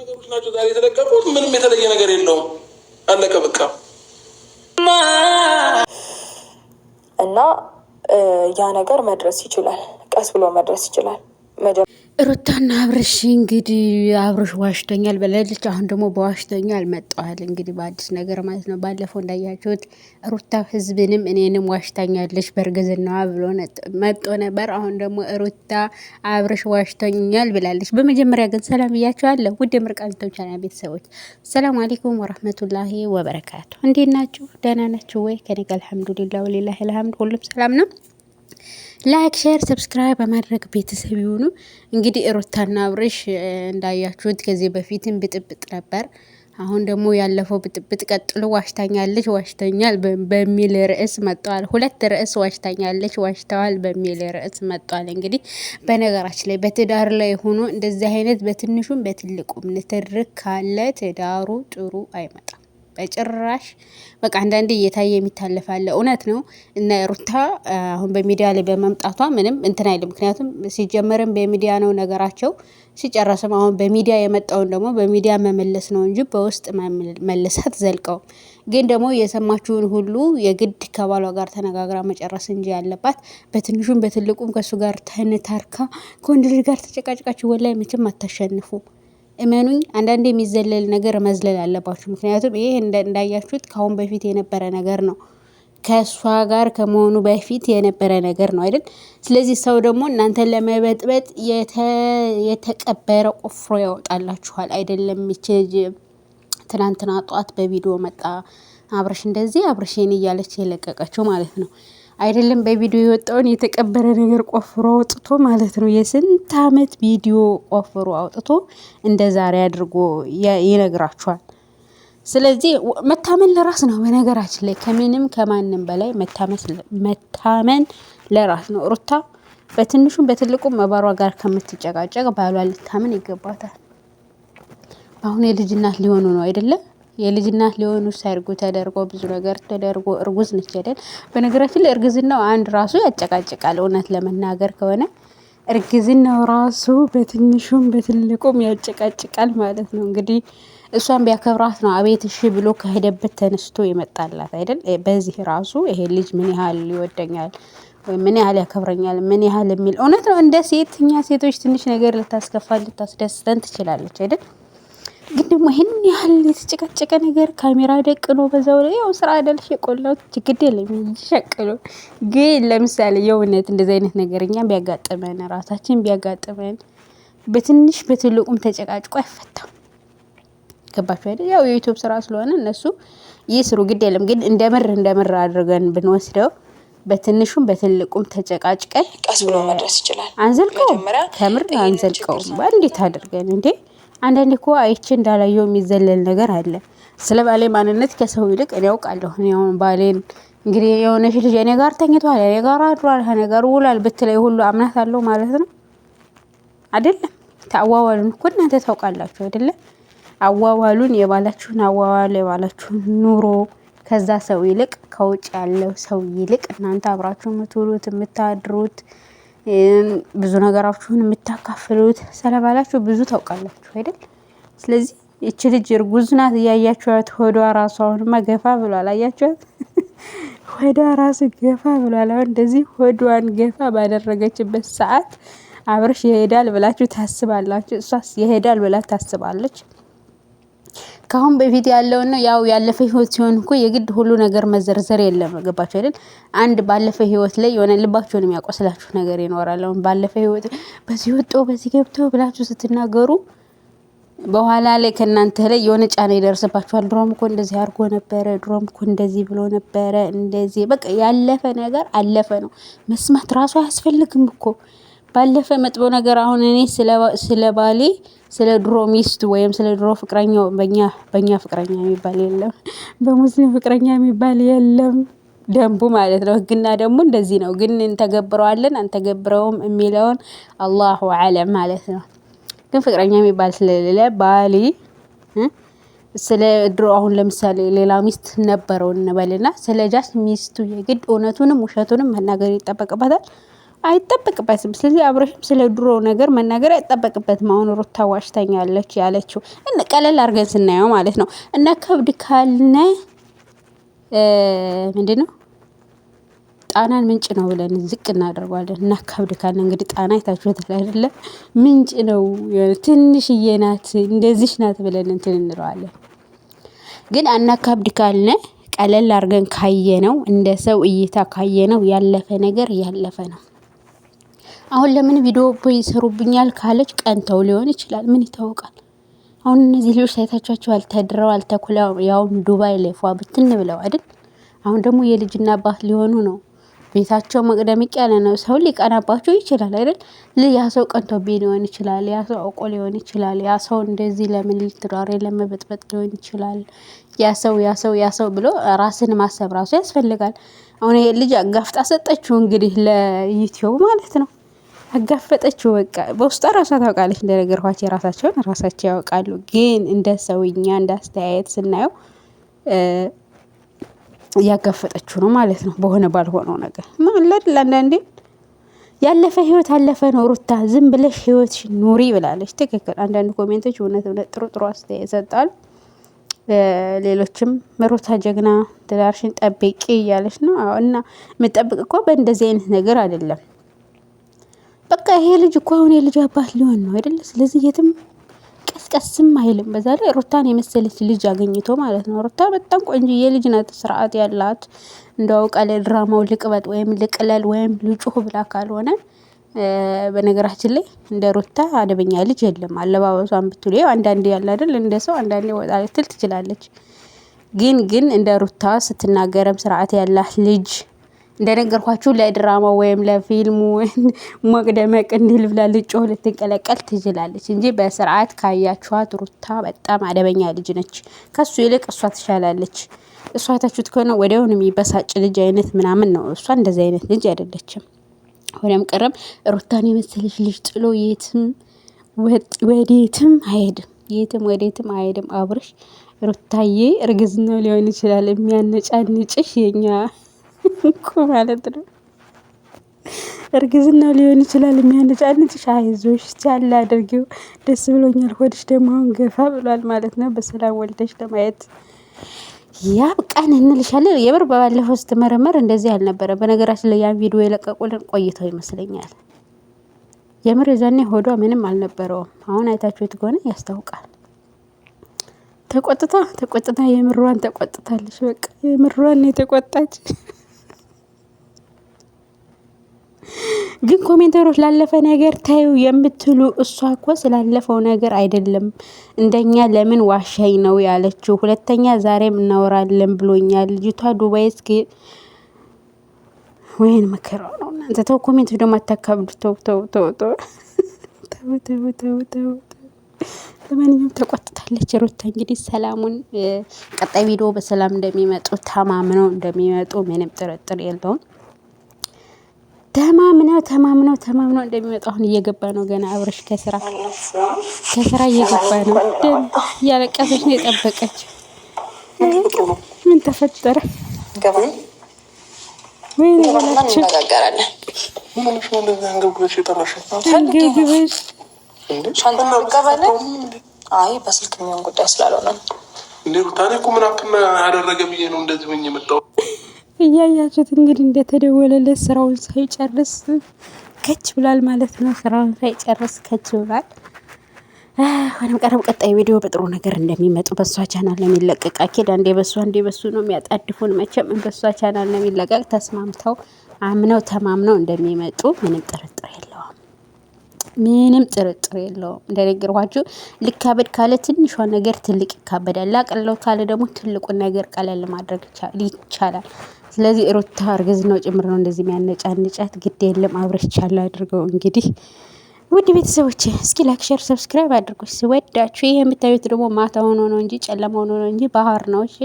ነገሮች ናቸው ዛሬ የተለቀቁት። ምንም የተለየ ነገር የለውም። አለቀ በቃ። እና ያ ነገር መድረስ ይችላል፣ ቀስ ብሎ መድረስ ይችላል። ሩታና አብርሽ እንግዲህ አብርሽ ዋሽቶኛል ብላለች። አሁን ደግሞ በዋሽቶኛል መጠዋል እንግዲህ በአዲስ ነገር ማለት ነው። ባለፈው እንዳያችሁት ሩታ ህዝብንም እኔንም ዋሽታኛለች በእርግዝናዋ ብሎ መጦ ነበር። አሁን ደግሞ ሩታ አብርሽ ዋሽቶኛል ብላለች። በመጀመሪያ ግን ሰላም ብያችኋለሁ ውድ የምርቃንቶ ቻና ቤተሰቦች፣ ሰላም አሌይኩም ወራህመቱላሂ ወበረካቱ። እንዴት ናችሁ? ደህና ናችሁ ወይ? ከኔ ጋር አልሐምዱሊላ ወሌላ ልሐምድ ሁሉም ሰላም ነው። ላይክ ሼር ሰብስክራይብ በማድረግ ቤተሰብ የሆኑ እንግዲህ ሩታና አብርሽ እንዳያችሁት ከዚህ በፊትም ብጥብጥ ነበር። አሁን ደግሞ ያለፈው ብጥብጥ ቀጥሎ ዋሽታኛለች ዋሽተኛል በሚል ርዕስ መጥተዋል። ሁለት ርዕስ ዋሽታኛለች ዋሽተዋል በሚል ርዕስ መጥተዋል። እንግዲህ በነገራችን ላይ በትዳር ላይ ሆኖ እንደዚህ አይነት በትንሹም በትልቁም ንትርክ ካለ ትዳሩ ጥሩ አይመጣም። በጭራሽ በቃ አንዳንዴ እየታየ የሚታለፋለ እውነት ነው። እና ሩታ አሁን በሚዲያ ላይ በመምጣቷ ምንም እንትን አይልም። ምክንያቱም ሲጀመርም በሚዲያ ነው ነገራቸው፣ ሲጨረስም አሁን በሚዲያ የመጣውን ደግሞ በሚዲያ መመለስ ነው እንጂ በውስጥ መለሳት ዘልቀው ግን ደግሞ የሰማችሁን ሁሉ የግድ ከባሏ ጋር ተነጋግራ መጨረስ እንጂ ያለባት በትንሹም በትልቁም ከእሱ ጋር ተንታርካ ከወንድ ልጅ ጋር ተጨቃጭቃችሁ ወላይ መቼም አታሸንፉ። እመኑኝ አንዳንዴ የሚዘለል ነገር መዝለል አለባችሁ። ምክንያቱም ይሄ እንዳያችሁት ከአሁን በፊት የነበረ ነገር ነው። ከእሷ ጋር ከመሆኑ በፊት የነበረ ነገር ነው አይደል? ስለዚህ ሰው ደግሞ እናንተን ለመበጥበጥ የተቀበረ ቆፍሮ ያወጣላችኋል። አይደለም ይችል ትናንትና ጠዋት በቪዲዮ መጣ አብረሽ እንደዚህ አብረሽን እያለች የለቀቀችው ማለት ነው። አይደለም በቪዲዮ የወጣውን የተቀበረ ነገር ቆፍሮ አውጥቶ ማለት ነው። የስንት ዓመት ቪዲዮ ቆፍሮ አውጥቶ እንደ ዛሬ አድርጎ ይነግራችኋል። ስለዚህ መታመን ለራስ ነው። በነገራችን ላይ ከምንም ከማንም በላይ መታመን ለራስ ነው። ሩታ በትንሹም በትልቁም መባሯ ጋር ከምትጨቃጨቅ ባሏ ልታምን ይገባታል። በአሁኑ የልጅ እናት ሊሆኑ ነው አይደለም የልጅና ሊሆኑ ሰርጉ ተደርጎ ብዙ ነገር ተደርጎ እርጉዝ ነች አይደል? በነገራችን ላይ እርግዝናው አንድ ራሱ ያጨቃጭቃል። እውነት ለመናገር ከሆነ እርግዝናው ራሱ በትንሹም በትልቁም ያጨቃጭቃል ማለት ነው። እንግዲህ እሷን ቢያከብራት ነው አቤት እሺ ብሎ ከሄደበት ተነስቶ የመጣላት አይደል? በዚህ ራሱ ይሄ ልጅ ምን ያህል ይወደኛል ምን ያህል ያከብረኛል፣ ምን ያህል የሚል እውነት ነው። እንደ ሴት እኛ ሴቶች ትንሽ ነገር ልታስከፋ ልታስደስተን ትችላለች አይደል? ግን ደግሞ ይህን ያህል የተጨቃጨቀ ነገር ካሜራ ደቅኖ በዛው ላይ ያው ስራ አደልሽ የቆላሁት ችግድ የለም ይሸቅሉ። ግን ለምሳሌ የእውነት እንደዚ አይነት ነገር እኛ ቢያጋጥመን ራሳችን ቢያጋጥመን በትንሽ በትልቁም ተጨቃጭቆ አይፈታም። ገባችሁ አይደል? ያው የዩቱብ ስራ ስለሆነ እነሱ ይህ ስሩ ግድ የለም። ግን እንደምር እንደምር አድርገን ብንወስደው በትንሹም በትልቁም ተጨቃጭቀን ቀስ ብሎ መድረስ ይችላል። አንዘልቀውም፣ ከምር አንዘልቀውም። እንዴት አድርገን እንዴ አንዳንዴ እኮ አይቼ እንዳላየው የሚዘለል ነገር አለ። ስለ ባሌ ማንነት ከሰው ይልቅ እኔ ያውቃለሁ። እኔ ባሌን እንግዲህ የሆነች ልጅ እኔ ጋር ተኝቷል፣ እኔ ጋር አድሯል፣ ከእኔ ጋር ውሏል ብትለኝ ሁሉ አለው ማለት ነው አይደለም? አዋዋሉን እኮ እናንተ ታውቃላችሁ አይደለም? አዋዋሉን የባላችሁን አዋዋል የባላችሁን ኑሮ ከዛ ሰው ይልቅ ከውጭ ያለው ሰው ይልቅ እናንተ አብራችሁ የምትውሉት የምታድሩት ብዙ ነገራችሁን የምታካፍሉት ስለባላችሁ ብዙ ታውቃላችሁ አይደል? ስለዚህ ይቺ ልጅ እርጉዝ ናት። እያያችኋት ሆዷ ራሱ አሁንማ ገፋ ብሏል። አያችኋት ሆዷ ራሱ ገፋ ብሏል። አሁን እንደዚህ ሆዷን ገፋ ባደረገችበት ሰዓት አብርሽ ይሄዳል ብላችሁ ታስባላችሁ። እሷስ ይሄዳል ብላ ታስባለች። ከአሁን በፊት ያለውን ነው ያው ያለፈ ህይወት ሲሆን እኮ የግድ ሁሉ ነገር መዘርዘር የለም። ገባችሁ አይደል? አንድ ባለፈ ህይወት ላይ የሆነ ልባችሁን የሚያቆስላችሁ ነገር ይኖራል። አሁን ባለፈ ህይወት በዚህ ወጦ በዚህ ገብቶ ብላችሁ ስትናገሩ በኋላ ላይ ከእናንተ ላይ የሆነ ጫና ይደርስባችኋል። ድሮም እኮ እንደዚህ አድርጎ ነበረ፣ ድሮም እኮ እንደዚህ ብሎ ነበረ። እንደዚህ በቃ ያለፈ ነገር አለፈ ነው። መስማት ራሱ አያስፈልግም እኮ ባለፈ መጥፎ ነገር አሁን እኔ ስለ ባሌ ስለ ድሮ ሚስቱ ወይም ስለ ድሮ ፍቅረኛው በኛ በእኛ ፍቅረኛ የሚባል የለም፣ በሙስሊም ፍቅረኛ የሚባል የለም። ደንቡ ማለት ነው። ህግና ደንቡ እንደዚህ ነው። ግን እንተገብረዋለን አንተገብረውም የሚለውን አላሁ አለም ማለት ነው። ግን ፍቅረኛ የሚባል ስለሌለ ባሌ ስለ ድሮ አሁን ለምሳሌ ሌላ ሚስት ነበረው እንበልና ስለ ጃስ ሚስቱ የግድ እውነቱንም ውሸቱንም መናገር ይጠበቅበታል። አይጠበቅበትም። ስለዚህ አብረሽም ስለ ድሮ ነገር መናገር አይጠበቅበትም። አሁን ሩታ ዋሽታኛለች ያለችው ቀለል አድርገን ስናየው ማለት ነው እና ከብድ ካልነ ምንድን ነው ጣናን ምንጭ ነው ብለን ዝቅ እናደርጓለን። እና ከብድ ካለ እንግዲህ ጣና አይታችሁታል አይደለ? ምንጭ ነው ትንሽዬ ናት እንደዚሽ ናት ብለን እንትን እንለዋለን። ግን አና ከብድ ካልነ ቀለል አድርገን ካየ ነው እንደ ሰው እይታ ካየ ነው ያለፈ ነገር ያለፈ ነው። አሁን ለምን ቪዲዮ ይሰሩብኛል ካለች ቀንተው ሊሆን ይችላል። ምን ይታወቃል? አሁን እነዚህ ልጆች ሳይታቻቸዋል፣ ተድረዋል፣ አልተኩላው ያውም ዱባይ ላይ ብትን ብለው አይደል? አሁን ደግሞ የልጅና አባት ሊሆኑ ነው። ቤታቸው መቅደምቅ ያለ ነው። ሰው ሊቀናባቸው ይችላል አይደል? ያ ሰው ቀንቶ ሊሆን ይችላል። ያ ሰው አውቆ ሊሆን ይችላል። ያ ሰው እንደዚህ ለምን ሊትራሬ ለመበጥበጥ ሊሆን ይችላል። ያ ሰው ያ ሰው ያ ሰው ብሎ ራስን ማሰብ ራሱ ያስፈልጋል። አሁን ልጅ አጋፍጣ ሰጠችው እንግዲህ ለዩትዩብ ማለት ነው። አጋፈጠችው። በቃ በውስጧ ራሷ ታውቃለች። እንደነገርኳቸው የራሳቸውን ራሳቸው ያውቃሉ። ግን እንደ ሰውኛ እንደ አስተያየት ስናየው እያጋፈጠችው ነው ማለት ነው። በሆነ ባልሆነው ነገር ማለድ አንዳንዴ ያለፈ ህይወት አለፈ ነው። ሩታ ዝም ብለሽ ህይወትሽ ኑሪ ብላለች። ትክክል። አንዳንድ ኮሜንቶች እውነት እውነት ጥሩ ጥሩ አስተያየት ሰጣል። ሌሎችም ሩታ ጀግና፣ ትዳርሽን ጠብቂ እያለች ነው እና የምጠብቅ እኮ በእንደዚህ አይነት ነገር አይደለም በቃ ይሄ ልጅ እኮ አሁን የልጅ አባት ሊሆን ነው አይደለ? ስለዚህ የትም ቀስቀስም አይልም። በዛ ላይ ሩታን የመሰለች ልጅ አገኝቶ ማለት ነው። ሩታ በጣም ቆንጆ የልጅ ናት፣ ስርዓት ያላት እንደው ቃል ድራማው ልቅበጥ ወይም ልቅለል ወይም ልጩህ ብላ ካልሆነ በነገራችን ላይ እንደ ሩታ አደበኛ ልጅ የለም። አለባበሷን ብትሉ አንዳንዴ ያለ አይደል እንደ ሰው አንዳንዴ ወጣ ልትል ትችላለች። ግን ግን እንደ ሩታ ስትናገረም ስርዓት ያላት ልጅ እንደነገርኳችሁ ለድራማ ወይም ለፊልሙ ሞቅ ደመቅ እንዲል ብላ ልጮህ ልትንቀለቀል ትችላለች እንጂ በስርዓት ካያችኋት ሩታ በጣም አደበኛ ልጅ ነች። ከሱ ይልቅ እሷ ትሻላለች። እሷ አይታችሁት ከሆነ ወዲያውኑ የሚበሳጭ ልጅ አይነት ምናምን ነው። እሷ እንደዚህ አይነት ልጅ አይደለችም። ሆነም ቀረም ሩታን የመሰለች ልጅ ጥሎ የትም ወዴትም አይሄድም። የትም ወዴትም አይሄድም። አብርሽ ሩታዬ እርግዝናው ሊሆን ይችላል የሚያነጫንጭሽ የኛ እኮ ማለት ነው። እርግዝና ሊሆን ይችላል የሚያነጫንጭሽ። አይዞሽ ቻል አድርጊው፣ ደስ ብሎኛል። ሆድሽ ደግሞ አሁን ገፋ ብሏል ማለት ነው። በሰላም ወልደሽ ለማየት እንልሻለን። የምር በባለፈው ስትመረመር እንደዚህ በነገራችን ላይ ያን ቪዲዮ የለቀቁልን ቆይተው ይመስለኛል። የምር የዛኔ ሆዷ ምንም አልነበረውም። አሁን አይታችሁት ከሆነ ያስታውቃል። ተቆጥታ ተቆጥታ የምሯን ተቆጥታለች። በቃ የምሯን የተቆጣች ግን ኮሜንተሮች ላለፈ ነገር ታዩ የምትሉ እሷ እኮ ስላለፈው ነገር አይደለም እንደኛ ለምን ዋሻኝ ነው ያለችው። ሁለተኛ ዛሬም እናወራለን ብሎኛል። ልጅቷ ዱባይ እስኪ ወይን መከራ ነው እናንተ። ተው ኮሜንት ደግሞ አታካብዱ። ተው ተው ተው ተው ተው ተው ተው። ለማንኛውም ተቆጥታለች ሩታ። እንግዲህ ሰላሙን ቀጣይ ቪዲዮ በሰላም እንደሚመጡ ተማምነው እንደሚመጡ ምንም ጥርጥር የለውም። ተማምነው ተማምነው ተማምነው እንደሚመጣ አሁን እየገባ ነው። ገና አብረሽ ከስራ ከስራ እየገባ ነው። እያለቀሰች ነው የጠበቀች። ምን ተፈጠረ? ወይኔ በላቸው ግብግብሽ አይ በስልክ የሚሆን ጉዳይ ስላልሆነ እንዴ ታሪኩ ምን አክል አደረገ ብዬ ነው እንደዚህ ሆኜ የመጣሁት። እያያችሁት እንግዲህ እንደተደወለለት ስራውን ሳይጨርስ ከች ብሏል ማለት ነው። ስራውን ሳይጨርስ ከች ብሏል። ሆነም ቀረም ቀጣይ ቪዲዮ በጥሩ ነገር እንደሚመጡ በእሷ ቻናል ነው የሚለቀቅ። አኬድ አንዴ በሷ አንዴ በሱ ነው የሚያጣድፉን። መቼም በእሷ ቻናል ነው የሚለቀቅ። ተስማምተው አምነው ተማምነው እንደሚመጡ ምንም ጥርጥር የለውም። ምንም ጥርጥር የለውም። እንደነገርኳችሁ ልካበድ ካለ ትንሿ ነገር ትልቅ ይካበዳል። ላቀለው ካለ ደግሞ ትልቁን ነገር ቀለል ማድረግ ይቻላል። ስለዚህ ሩታ እርግዝናው ጭምር ነው እንደዚህ የሚያነጫንጫት። ግድ የለም አብረቻለሁ አድርገው እንግዲህ ውድ ቤተሰቦች እስኪ ላይክ፣ ሼር፣ ሰብስክራይብ አድርጎች ስወዳችሁ። ይህ የምታዩት ደግሞ ማታ ሆኖ ነው እንጂ ጨለማ ሆኖ ነው እንጂ ባህር ነው። እሺ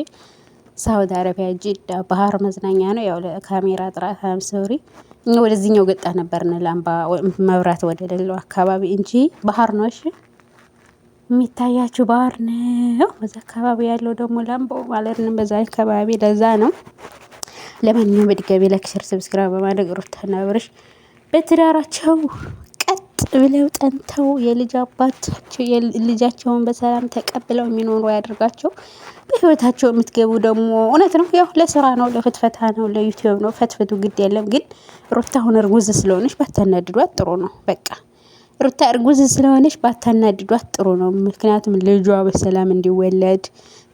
ሳውዲ አረቢያ ጅዳ ባህር መዝናኛ ነው። ያው ለካሜራ ጥራት አምሶሪ ወደዚህኛው ገጣ ነበርን ላምባ መብራት ወደ ሌለው አካባቢ እንጂ ባህር ነው። እሺ የሚታያችሁ ባህር ነው። በዛ አካባቢ ያለው ደግሞ ላምባው ማለት ነው። በዛ አካባቢ ለዛ ነው። ለማንኛውም በድጋሚ ላይክ፣ ሼር፣ ሰብስክራይብ በማድረግ ሩታ ነብርሽ በትዳራቸው ብለው ጠንተው የልጅ አባታቸው ልጃቸውን በሰላም ተቀብለው የሚኖሩ ያደርጋቸው። በህይወታቸው የምትገቡ ደግሞ እውነት ነው፣ ያው ለስራ ነው፣ ለፍትፈታ ነው፣ ለዩቲዩብ ነው። ፈትፍቱ ግድ የለም ግን ሩታ አሁን እርጉዝ ስለሆነች ባታናድዷት ጥሩ ነው። በቃ ሩታ እርጉዝ ስለሆነች ባታናድዷት ጥሩ ነው። ምክንያቱም ልጇ በሰላም እንዲወለድ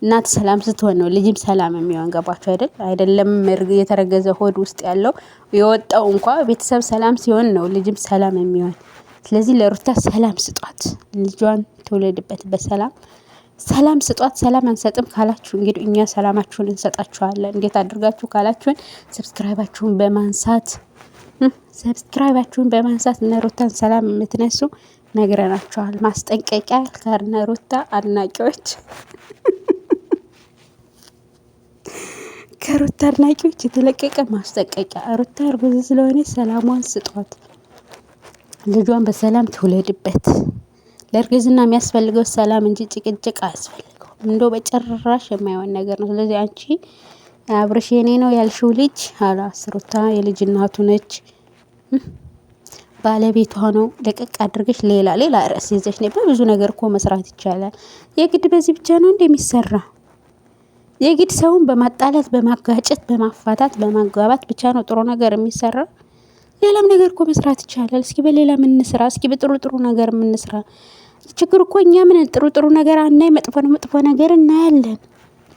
እናት ሰላም ስትሆን ነው ልጅም ሰላም የሚሆን ገባቸው አይደል? አይደለም የተረገዘ ሆድ ውስጥ ያለው የወጣው እንኳ ቤተሰብ ሰላም ሲሆን ነው ልጅም ሰላም የሚሆን ስለዚህ ለሩታ ሰላም ስጧት፣ ልጇን ትውለድበት በሰላም ሰላም ስጧት። ሰላም አንሰጥም ካላችሁ እንግዲህ እኛ ሰላማችሁን እንሰጣችኋለን። እንዴት አድርጋችሁ ካላችሁን ሰብስክራይባችሁን በማንሳት ሰብስክራይባችሁን በማንሳት እነሩታን ሰላም የምትነሱ ነግረናችኋል። ማስጠንቀቂያ ከነሩታ አድናቂዎች ከሩታ አድናቂዎች የተለቀቀ ማስጠንቀቂያ ሩታ እርጉዝ ስለሆነ ሰላሟን ስጧት። ልጇን በሰላም ትውለድበት። ለእርግዝና የሚያስፈልገው ሰላም እንጂ ጭቅጭቅ አያስፈልገውም። እንደው በጭራሽ የማይሆን ነገር ነው። ስለዚህ አንቺ አብረሽ የኔ ነው ያልሽው ልጅ አላስ ሩታ የልጅ እናቱ ነች፣ ባለቤቷ ነው። ለቀቅ አድርገሽ ሌላ ሌላ ርዕስ ይዘሽ ነው። በብዙ ነገር እኮ መስራት ይቻላል። የግድ በዚህ ብቻ ነው እንደሚሰራ የግድ ሰውን በማጣላት በማጋጨት በማፋታት በማጓባት ብቻ ነው ጥሩ ነገር የሚሰራ። ሌላም ነገር እኮ መስራት ይቻላል። እስኪ በሌላ ምንስራ፣ እስኪ በጥሩ ጥሩ ነገር ምንስራ። ችግር እኮ እኛ ምን ጥሩ ጥሩ ነገር አናይ፣ መጥፎ ነው መጥፎ ነገር እናያለን።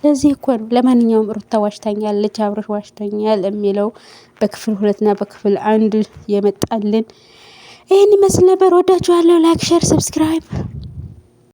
ለዚህ እኮ ነው ለማንኛውም ሩታ ዋሽታኛለች፣ አብረሽ ዋሽታኛል የሚለው በክፍል ሁለትና በክፍል አንድ የመጣልን ይህን ይመስል ነበር። ወዳችኋለሁ። ላይክ፣ ሼር፣ ሰብስክራይብ